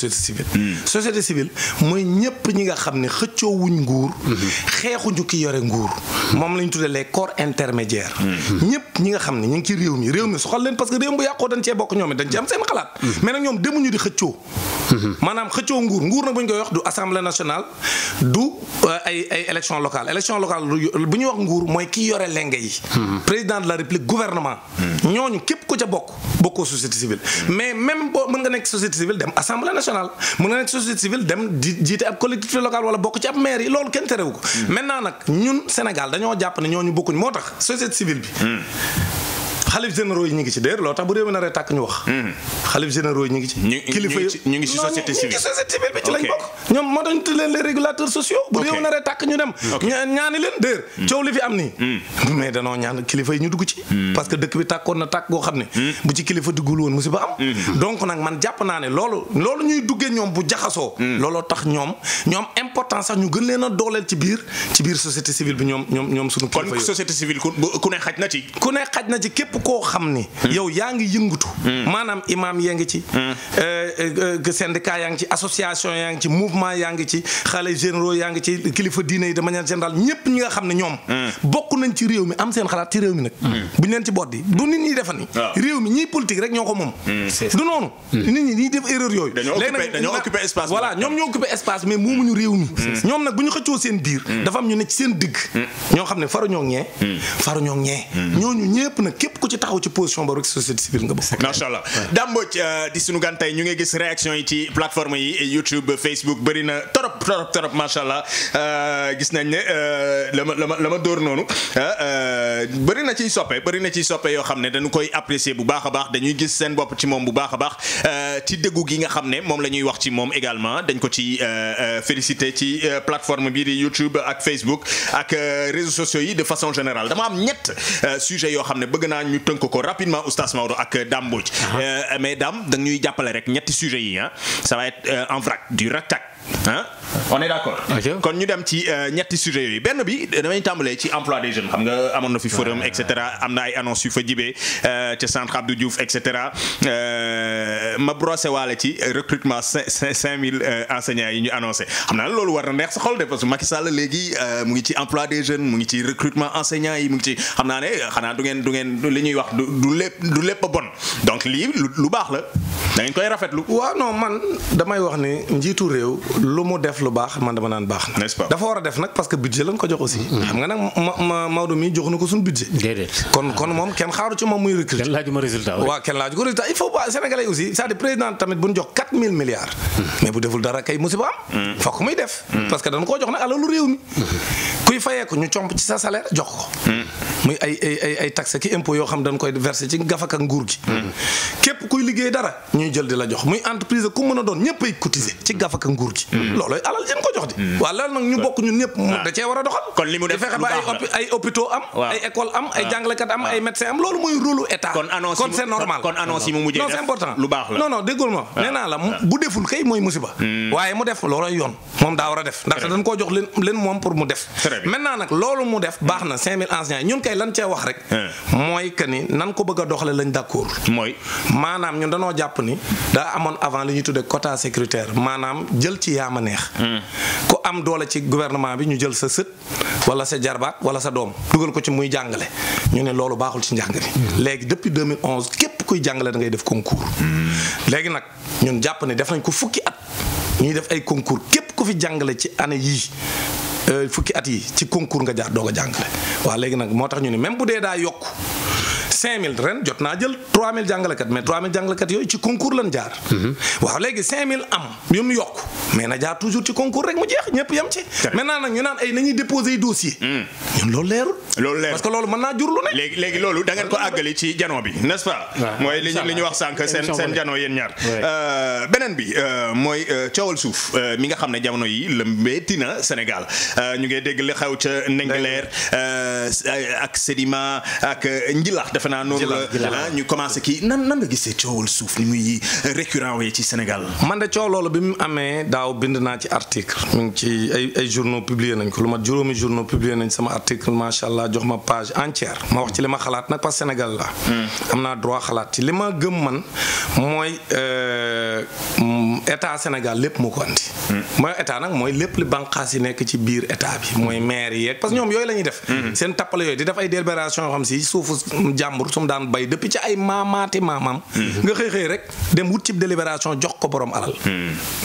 hmm. ñëpp ñi nga xam ni xëccoo wuñ nguur. Hmm. xeexuñu ki yore nguur. Hmm. moom lañ tuddee les corps intermédiaires. ñëpp ñi nga xam ni ñu ngi ci réew mi réew mi soxal leen parce que réew bu yàqoo dañ cee bokk ñoom it dañ ci am seen xalaat. mais nag ñoom demuñu di xëccoo. maanaam xëccoo nguur nguur nag bu ñu koy wax du assemblée nationale du euh, ay ay élection locale élection locale bu ñuy wax nguur mooy mooy kii yore lenge yi. président de la république gouvernement. ñooñu képp ku ca bokk bokkoo société civile. mais même boo mën nga nekk société civile dem assemblée nationale mën nga nekk société civile dem di jiite ab collectivité local wala bokk ci ab maire yi loolu kenn terewu ko. maintenant nag ñun Sénégal dañoo jàpp ne ñooñu bokkuñ moo tax société civile bi. xalif généraux yi ñu ngi ci d'ailleurs loolu tax bu réew mi naree tàkk ñu wax. Hmm. xalif généraux yi ñu ngi ci. kilifa yi ñu ngi ci société civile bi ñoom moo ñu dem. ñaani leen d'ailleurs hmm. coow li fi am nii. Hmm. mais danoo ñaan kilifa yi ñu dugg ci. parce que dëkk bi tàkkoon na tàkk goo xam ne. bu ci kilifa duggul woon musiba man jàpp naa ne loolu loolu ñuy duggee ñoom bu jaxasoo. looloo tax ñoom ñoom importance sax ñu gën leen a dooleel ci biir biir société civile bi ñoom ñoom ñoom suñu kilifa yi. kon société civile ku ne xaj na ci. ku ne xaj na ci képp koo xam ni. Hmm. yow yaa ngi yëngatu. Hmm. maanaam imaam yaa ngi ci. Hmm. Eh, eh, eh, syndicat yaa ngi ci association yaa ngi ci mouvement yaa ngi ci xale généraux yaa ngi ci kilifa diine yi de manière générale ñëpp ñi nga xam ne ñoom. bokk nañ ci réew mi am seen xalaat ci réew mi nag. buñ leen ci boddi du nit ñi defal ni ah. réew mi ñiy politique rek ñoo ko moom. du noonu. nit ñi yooyu. léegi dañoo occupé espace voilà ñoom ñoo occupé espace mais nag bu ñu xëccoo seen biir. dafa am ñu ne seen digg. ñoo xam ne faruñoo ñee. faruñoo ñee. ñooñu ñëpp nag képp ku ci taxaw ci position boobu rek société civile nga bokk. macha allah Dame Mbodj euh, di sunu gan tey ñu ngi na torop torop torop macha allah euh, gis nañ ne euh, la ma la ma la ma dóor noonu bëri na ciy soppe bëri na ciy soppe yoo xam ne dañu koy apprécier bu baax a baax dañuy gis seen bopp ci moom bu baax a baax ci dëggu gi nga xam ne moom la ñuy wax ci moom également dañ ko ci félicité ci plateforme bii di YouTube ak Facebook ak réseaux sociaux yi de façon général dama am ñett sujet yoo xam ne bëgg naa tënk ko rapidement ak Dame euh, mais Dame da ñuy jàppale rek ñetti sujets yi ah ça va être euh, en vrac du rac-tac ah on est d'accord kon ñu dem ci euh, ñetti sujets yooyu benn bi damay tàmbalee ci emploi des jeunes xam nga amoon na fi forum et cetera am na ay annonces yu fa jibee ca centre Abdou Diouf et cetera ma brossé waale ci recrutement cinq cinq mille enseignants yi ñu annoncé xam naa loolu war na neex sa xol de parce que Macky léegi mu ngi ci emploi des jeunes mu ngi ci recrutement ñuy wax du du lépp du lépp a bon donc lii lu baax la da a ko jox aussi. Mm-hmm. xam nga nag ma Maodo mii jox ko kon moom kenn xaaru ci moom muy recruter. kenn ko résultat aussi cest à président tamit bu ñu jox milliards. Mm-hmm. mais bu deful dara kay musiba am. Mm-hmm. fokk muy def. parce que dañ koo jox nag alalu réew mi. kuy fayee ko ñu comp ci sa salaire jox ko. muy ay ay ki impôt yoo xam dañ koy versé ci gafaka nguur gi. képp kuy liggéey dara ñuy jël di la jox muy entreprise ku mën a doon ñëppay cotiser ci gafaka nguur gi. loolooy alal jën ko jox di. Mm-hmm. Ah. a doxal. waaye mu def loolooy yoon moom daa war a def ndaxte dañ koo jox leen moom pour mu def. maintenant nag loolu mu def baax na 5000 enseignants ñun kay lan cee wax rek ah. mooy que ni nan ko bëgg a doxale lañ d'accord mooy maanaam ñun dañoo jàpp ni daa amoon avant li ñuy tuddee quota sécuritaire maanaam jël ci yaama neex hmm. ku am doole ci gouvernement bi ñu jël sa sët wala sa jarbaat wala sa doom dugal ko ci muy jàngale ñu ne loolu baaxul ci njàng mi hmm. léegi depuis 2011 képp kuy jàngale da ngay def concours hmm. léegi nag ñun jàpp ni def nañ ko fukki at ñuy def ay concours képp ku fi jàngale ci année yii euh, fukki at yi ci concours nga jaar doog a jàngale moo tax ñu ne daa yokk 5000 ren jot naa jël 3000 jàngalekat mais 3000 jàngalekat yooyu ci concours lan jaar. Mhm. waaw léegi 5000 am yu mu yokk mais na jaar toujours ci concours rek mu jeex ñëpp yem ci. maintenant nag ñu naan ay nañuy hmm. da ngeen ko àggali ci jano bi n'est-ce pas. mooy li ñu li ñu wax sànq seen seen jano yéen ñaar. Euh, beneen bi euh, mooy euh, coowal suuf mi nga xam ne jamono yi lëmbeeti na Sénégal ñu ngi dégg li xew ca Ndingler ak Sedima ak Njilax defe naa noonu la ah, ñu commencé kii nan nan nga gisee coowal suuf ni muy récurrent wee ci Sénégal. man de coow loolu bi mu amee daaw bind naa ci article mu ci ay ay journaux publier nañ ko lu ma juróomi journaux publier nañ sama article macha allah jox ma page entière ma wax ci li ma xalaat nag parce que Sénégal la. Hmm. am naa droit xalaat ci li ma gëm man mooy euh, état Sénégal lépp moo ko andi. Hmm. mooy état nag mooy lépp li bànqaas yi nekk ci biir état bi mooy maire yeeg parce que ñoom yooyu lañuy def. Hmm. seen tappale jàmbur su mu daan bay depuis ci ay maamaati maamaam. nga xëy xëy rek dem wut cib délibération jox ko borom alal.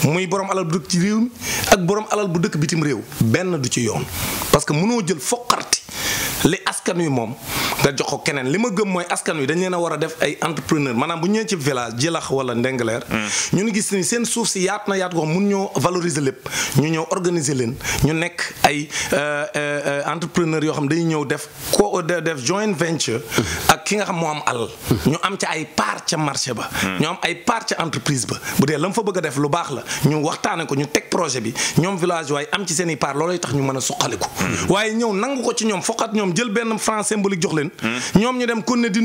muy borom alal bu dëkk ci réew mi ak boroom alal bu dëkk bitim réew benn du ci yoon parce que jël foqarti li askan wi moom nga jox ko keneen li ma gëm mooy askan wi dañ leen a war a def ay entrepreneur maanaam bu ñëwee ci village jilax wala ndengaleer hmm. ñu ngi gis ni seen suuf si yaat na yaat ko mun ñoo valoriser lépp ñu ñëw organiser leen ñu nekk ay euh, euh, entrepreneur yoo xam dañu ñëw def ko def joint venture ak ki nga xam moo am alal ñu am ci ay part ca marché ba hmm. ñu am ay part ca entreprise ba bu dee la mu fa bëgg def lu baax la ñu waxtaane ko ñu teg projet bi ñoom village waaye am ci seen i part tax ñu mën a suqaliku hmm. ko ñoom jël benn franc symbolique jox leen. ñoom ñu dem kon ne di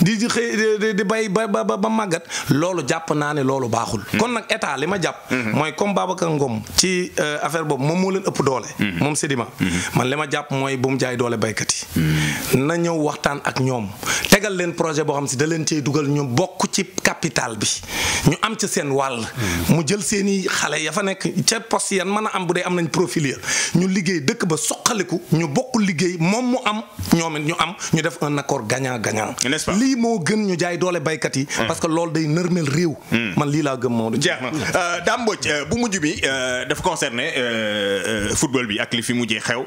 di di xëy di bay ba ba ba màggat loolu jàpp naa ne loolu baaxul. kon nag état li ma jàpp. mooy comme Babacar Ngom ci euh, affaire boobu moom moo leen ëpp doole. moom Sedima. man li ma jàpp mooy bu mu jaay doole baykat yi. na ñëw waxtaan ak ñoom tegal leen projet boo xam si da leen cee dugal ñoom bokk ci capital bi ñu am ca seen wàll. mu jël seen xale ya fa nekk ca poste yan mën a am bu dee am nañ profil ya ñu liggéey am ñoom am ñu def un accord gagnant gagnant. n'est-ce pas lii moo gën ñu jaay doole baykat yi. Hmm. parce que loolu day nërmel réew. Hmm. man lii laa gëm moo jeex na euh, Dame Mbodj euh, bu mujj bi euh, dafa concerné football bi ak li fi mujjee xew.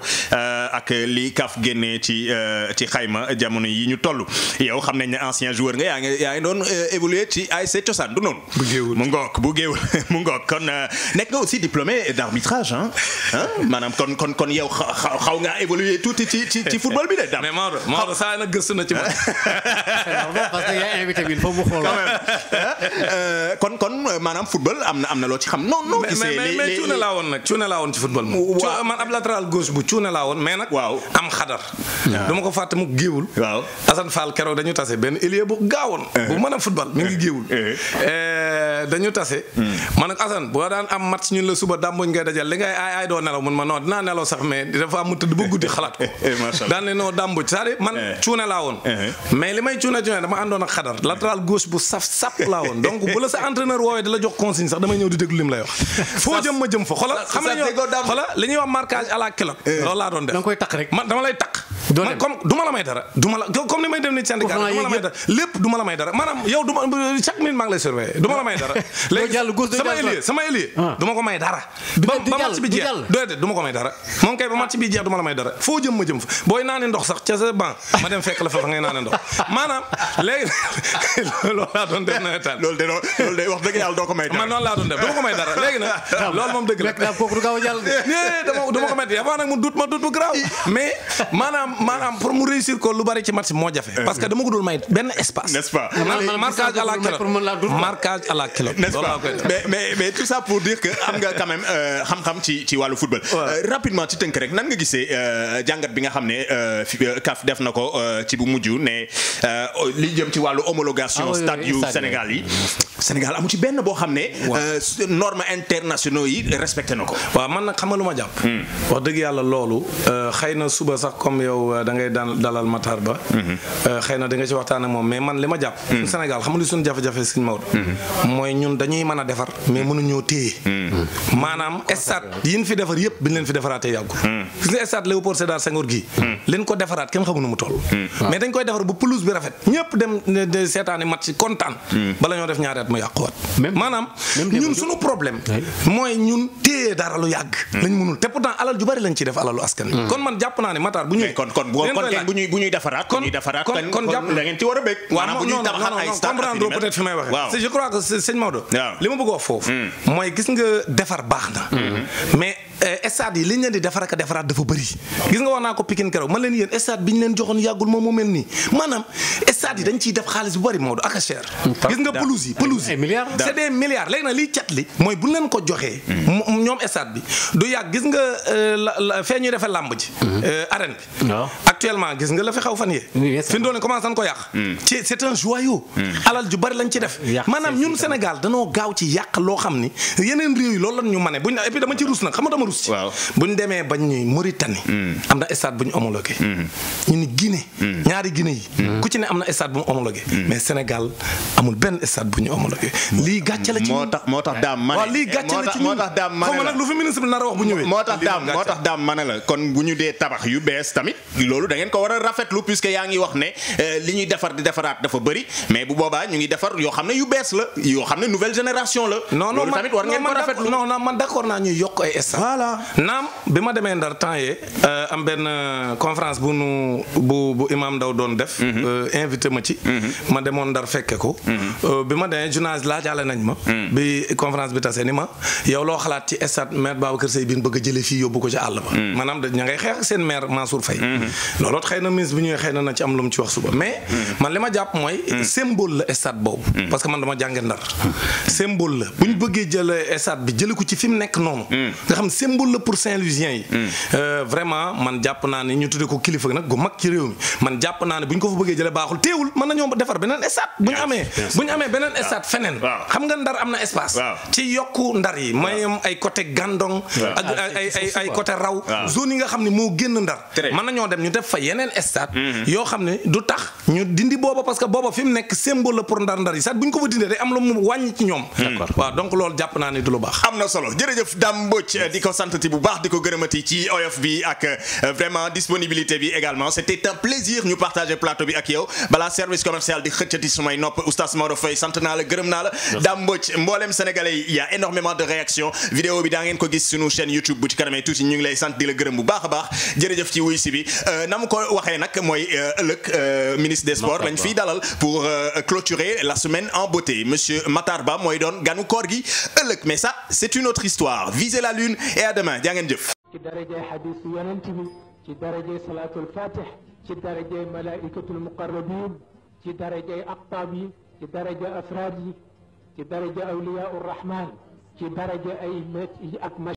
ak li kaf génnee ci euh, ci xayma jamono yi ñu toll yow xam nañ ne ancien joueur nga yaa ngi yaa ngi doon euh, évoluer ci ASC Cosaan du noonu. bu géewul mu ngoog bu géewul mu ngoog kon euh, nekk nga aussi diplômé d'arbitrage ah maanaam kon kon kon yow xaw nga évoluer tuuti ci ci ci football bi de. mais Maodo Maodo saa na gëstu na ci bi il faut mu xool kon kon maanaam football am na am na loo ci xam non non. gisee mais mais mais laa woon nag ci football moom. man ab latéral gauche bu cuune laa woon nag. waaw am xadar. Ah. dama ko fàtte mu géewul. waaw Assane Fall keroog dañu tase benn ailier bu gaawoon. Eh. bu mën a football mi ngi eh. géewul. Eh. dañu tase. Hmm. man ak boo daan am match ñun la suba dàmbuñ ngay dajal li ngay aay aay doo nelaw mun ma non a nelaw sax mais dafa am tëdd ba guddi xalaat ko. daan ne noo dàmbuñ cest à man cuune laa woon. mais li may cuune cuune dama àndoon a xadar latéral gauche bu saf sap laa woon donc bu la sa entraîneur woowee di la jox consigne sax damay ñëw di déglu lim lay wax. foo jëm ma jëm fa xoolal xam nañu xoolal li ñuy koy takk rek. man dama lay takk. doo man comme du ma la may dara. du ma la comme ni may dem ni syndicat du ma la may dara lépp du ma la may dara maanaam yow du ma chaque minute maa ngi lay surveiller du ma la may dara. léegi sama élié sama élié. Ah. du ma ko may dara. ba ba match bi jeex déedéet du ma ko may dara. moom kay ba match bi jeex du ma la may dara foo jëm ma jëm fa booy naanee ndox sax ca sa banc ma dem fekk la fa fa ngay naanee ndox maanaam léegi loolu laa doon def nawetaan. loolu de loolu de wax dëgg yàlla doo ko may dara man noonu laa doon def du ma ko may dara léegi nag. loolu moom dëgg la rek daal kooku du gaaw a jàll de. dama du ma ko may dara nag mu dut ma dut bu graaw mais maanaam maanaam pour mu réussir ko lu bari ci match moo jafe. parce que dama ko dul may benn espace. n'est-ce pas marquage à la kilo marquage à la kilo. n'est-ce pas mais mais mais tout ça pour dire que am nga quand euh, xam-xam ci wàllu football. Euh, rapidement ci tënk rek nan nga gisee euh, jàngat bi nga xam ne CAF def na ko ci bu mujj ne li jëm ci wàllu homologation. Ah stade yu Sénégal yi. Sénégal amu ci benn boo xam ne. normes internationaux yi respecté na ko. waaw man hmm. yàlla loolu. xëy na suba sax comme yow euh, da ngay daan dalal Matar Ba. Mhm. Euh, xëy na da nga ci waxtaan ak moom mais man li ma jàpp. Mhm. Sénégal xam nga li suñu jafe-jafe Sëñ Maodo. Mhm. mooy ñun dañuy mën a defar mais mënuñoo téye. maanaam stade yi ñu fi defar yëpp bi ñu leen fi defaraatee ñun suñu problème. mooy ñun téye dara yàgg. lañ mënul te pourtant alal ju bari lañ ci def alalu askan kon man jàpp naa ne Matar bu ñuy. kon kon bu ñuy defaraat. kon kon jàpp da ci war a bëgg. maanaam bu ñuy tabaxaat ay stade ak comprendre peut-être fi may waxee. je crois que sëñ Maodo. li ma bëgg foofu. Hmm. mooy gis nga defar baax na hmm. Eh, stade yi li ñu leen di defar defaraat dafa bëri gis nga wax yi dañ ciy def nag liy cat li mooy bu leen ko joxee ñoom stade bi du yàgg gis nga euh, fee ñuy làmb ji mm-hmm. euh, arène bi ah. actuellement gis nga la fi fan yee fi doon commencé ko yàq mm. ci c'est un mm. alal ju bëri lañ ci def maanaam ñun Sénégal danoo gaaw ci yàq loo xam ni yeneen réew yi loolu lañ ñu mane buñ et puis dama ci ruus nag xam nga dama si. waaw bu ñu demee ba ñuy Mauritanie. Mm. am na stade bu ñu homologué. Mm. ñu ni Guinée. Mm. am benn stade bu ñu homologué. lii gàcce la ci ñun moo tax moo ma ne. waaw ma ne ma nag lu fi ministre bi nar a wax bu moo tax daam ma ne la kon bu ñu dee tabax yu bees tamit loolu da ngeen ko war a rafetlu puisque yaa ngi wax ne euh, li ñuy defar di defaraat dafa bëri mais bu boobaa ñu ngi defar yoo xam ne yu bees la yoo xam ne nouvelle génération la. loolu tamit war ngeen ko rafetlu non non man d'accord naa ñuy yokk ay stade voilà naam bi ma demee ndar temps yee euh, am benn euh, conférence bu nu bu bu Imaam Ndaw doon def. Mhm. Euh, invité ma ci. Mhm. ma demoon ndar fekke ko. Mhm. bi ma demee journaliste laajaale nañ ma. bi conférence bi tase ni ma yow loo xalaat ci stade maire Babacar Seye bi ñu bëgg a jëlee fii yóbbu ko ci àll ba. maanaam da ña ngay xeex ak seen maire Mansour Faye. looloo xëy na ministre bi ñuy xëy na na ci am lu mu ci wax suba mais. man li ma jàpp mooy. symbole la stade boobu. parce que man dama jàngee ndar. symbole la bu fi mu symbole la pour Saint-Louisien yi. Hmm. Euh, man jàpp naa ne ñu tuddee ko kilifa nag gu mag ci réew mi man jàpp naa ne bu ñu ko fa bëggee jëlee baaxul teewul mën nañoo defar beneen stade bu ñu amee. bu ñu amee beneen stade feneen. xam nga ndar am na espace. ci ndar yi. may am ay côté Gandon. ak ay ay ay côté Raw. zone yi nga xam ne moo génn ndar. mën nañoo dem ñu def fa yeneen stade. Hmm. yoo xam ne du tax ñu dindi booba parce que booba fi mu nekk symbole la pour ndar ndar yi sax bu ñu ko fa dindee day am lu mu wàññi ci ñoom. d'accord waaw donc loolu jàpp naa ne du lu baax. am na solo santati bu baax di ko gërëmati ci oyof bi ak euh, vraiment disponibilité bi également c'était un plaisir ñu partager plateau bi ak yow balaa service commercial di xëccati sumay nopp oustaz Maodo Faye sant naa la gërëm naa la Dame Mbodj mboolem sénégalais yi y a énormément de réactions vidéo bi daa ngeen ko gis sunu chaîne YouTube bu ci kanamee tuuti ñu ngi lay sant di la gërëm bu baax a baax jërëjëf ci wuy si bi euh, na mu ko waxee nag mooy euh, ëllëg ministre des sports lañ fiy dalal en beauté monsieur Matar Ba mooy doon ganu koor gi ëllëg mais ça c'est et à demain jaa ngeen jëf ci darajay xadiis yonent bi ci darajay salaatul fatih ci darajay malaikatul muqarrabin ci darajay aqtaab yi ci daraja afraad yi ci daraja awliyaa rahmaan ci daraja ay met yi ak